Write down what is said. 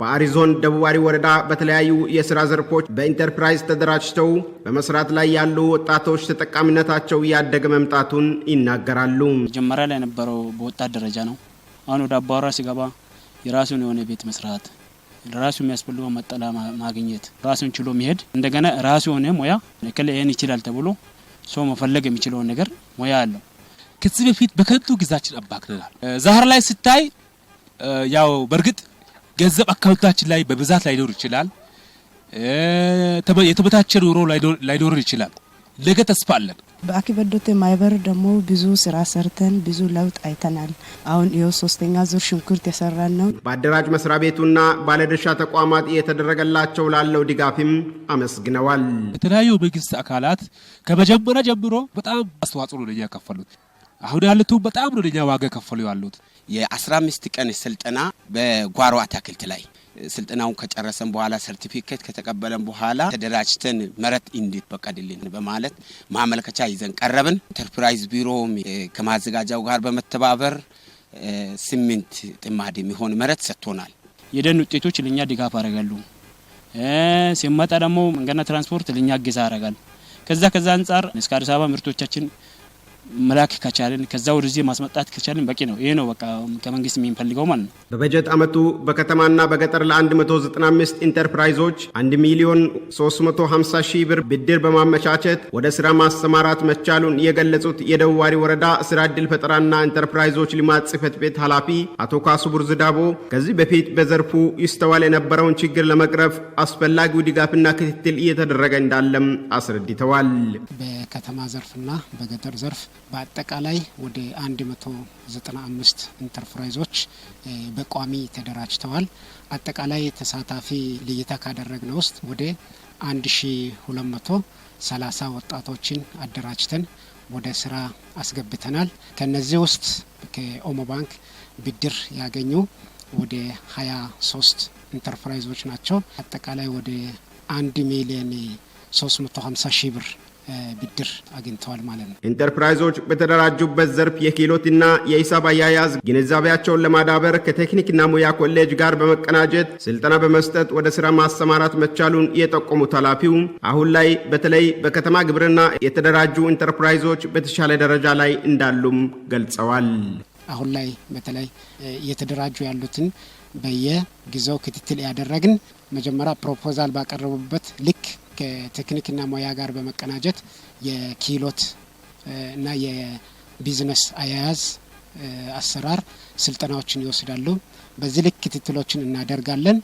በአሪዞን ዞን ደቡብ አሪ ወረዳ በተለያዩ የሥራ ዘርፎች በኢንተርፕራይዝ ተደራጅተው በመስራት ላይ ያሉ ወጣቶች ተጠቃሚነታቸው እያደገ መምጣቱን ይናገራሉ። መጀመሪያ ላይ የነበረው በወጣት ደረጃ ነው። አሁን ወደ አባወራ ሲገባ የራሱን የሆነ ቤት መስራት፣ ራሱ የሚያስፈልገው መጠላ ማግኘት፣ ራሱን ችሎ መሄድ፣ እንደገና ራሱ የሆነ ሙያ እከሌ ይህን ይችላል ተብሎ ሰው መፈለግ የሚችለውን ነገር ሙያ አለው። ከዚህ በፊት በከንቱ ጊዜያችን አባክነናል። ዛህር ላይ ስታይ ያው በእርግጥ ገንዘብ አካውንታችን ላይ በብዛት ላይኖር ይችላል። የተበታቸ ኑሮ ላይኖር ይችላል። ነገ ተስፋ አለን። በአኪበዶቴ ማይበር ደግሞ ብዙ ስራ ሰርተን ብዙ ለውጥ አይተናል። አሁን ይኸው ሶስተኛ ዙር ሽንኩርት የሰራን ነው። በአደራጅ መስሪያ ቤቱና ባለድርሻ ተቋማት እየተደረገላቸው ላለው ድጋፍም አመስግነዋል። የተለያዩ መንግስት አካላት ከመጀመሪያ ጀምሮ በጣም አስተዋጽኦ ነው ለኛ ያካፈሉት። አሁን ያሉት በጣም ነው ለኛ ዋጋ ከፈሉ ያሉት። የ15 ቀን ስልጠና በጓሮ አትክልት ላይ ስልጠናውን ከጨረሰን በኋላ ሰርቲፊኬት ከተቀበለን በኋላ ተደራጅተን መሬት እንዲፈቀድልን በማለት ማመልከቻ ይዘን ቀረብን። ኢንተርፕራይዝ ቢሮ ከማዘጋጃው ጋር በመተባበር ስምንት ጥማድ የሚሆን መሬት ሰጥቶናል። የደን ውጤቶች ልኛ ድጋፍ አደርጋሉ። ሲመጣ ደግሞ መንገድና ትራንስፖርት ልኛ እገዛ አረጋል። ከዛ ከዛ አንጻር እስከ አዲስ አበባ ምርቶቻችን መላክ ከቻልን ከዛ ወደዚህ ማስመጣት ከቻልን በቂ ነው። ይሄ ነው በቃ ከመንግስት የሚፈልገው ማለት ነው። በበጀት ዓመቱ በከተማና በገጠር ለ195 ኢንተርፕራይዞች 1 ሚሊዮን 350 ሺህ ብር ብድር በማመቻቸት ወደ ስራ ማሰማራት መቻሉን የገለጹት ዋሪ ወረዳ ስራ ዕድል ፈጠራና ኢንተርፕራይዞች ልማት ጽህፈት ቤት ኃላፊ አቶ ካሱ ቡርዝዳቦ ከዚህ በፊት በዘርፉ ይስተዋል የነበረውን ችግር ለመቅረፍ አስፈላጊው ድጋፍና ክትትል እየተደረገ እንዳለም አስረድተዋል። በከተማ ዘርፍና በገጠር ዘርፍ በአጠቃላይ ወደ 195 ኢንተርፕራይዞች በቋሚ ተደራጅተዋል። አጠቃላይ ተሳታፊ ልይታ ካደረግነው ውስጥ ወደ 1230 ወጣቶችን አደራጅተን ወደ ስራ አስገብተናል። ከነዚህ ውስጥ ከኦሞ ባንክ ብድር ያገኙ ወደ 23 ኢንተርፕራይዞች ናቸው። አጠቃላይ ወደ 1 ሚሊዮን 350 ሺህ ብር ብድር አግኝተዋል ማለት ነው። ኢንተርፕራይዞች በተደራጁበት ዘርፍ የክህሎትና የሂሳብ አያያዝ ግንዛቤያቸውን ለማዳበር ከቴክኒክና ሙያ ኮሌጅ ጋር በመቀናጀት ስልጠና በመስጠት ወደ ስራ ማሰማራት መቻሉን የጠቆሙት ኃላፊው አሁን ላይ በተለይ በከተማ ግብርና የተደራጁ ኢንተርፕራይዞች በተሻለ ደረጃ ላይ እንዳሉም ገልጸዋል። አሁን ላይ በተለይ እየተደራጁ ያሉትን በየጊዜው ክትትል ያደረግን መጀመሪያ ፕሮፖዛል ባቀረቡበት ልክ ከቴክኒክና ሙያ ጋር በመቀናጀት የኪሎት እና የቢዝነስ አያያዝ አሰራር ስልጠናዎችን ይወስዳሉ። በዚህ ልክ ክትትሎችን እናደርጋለን።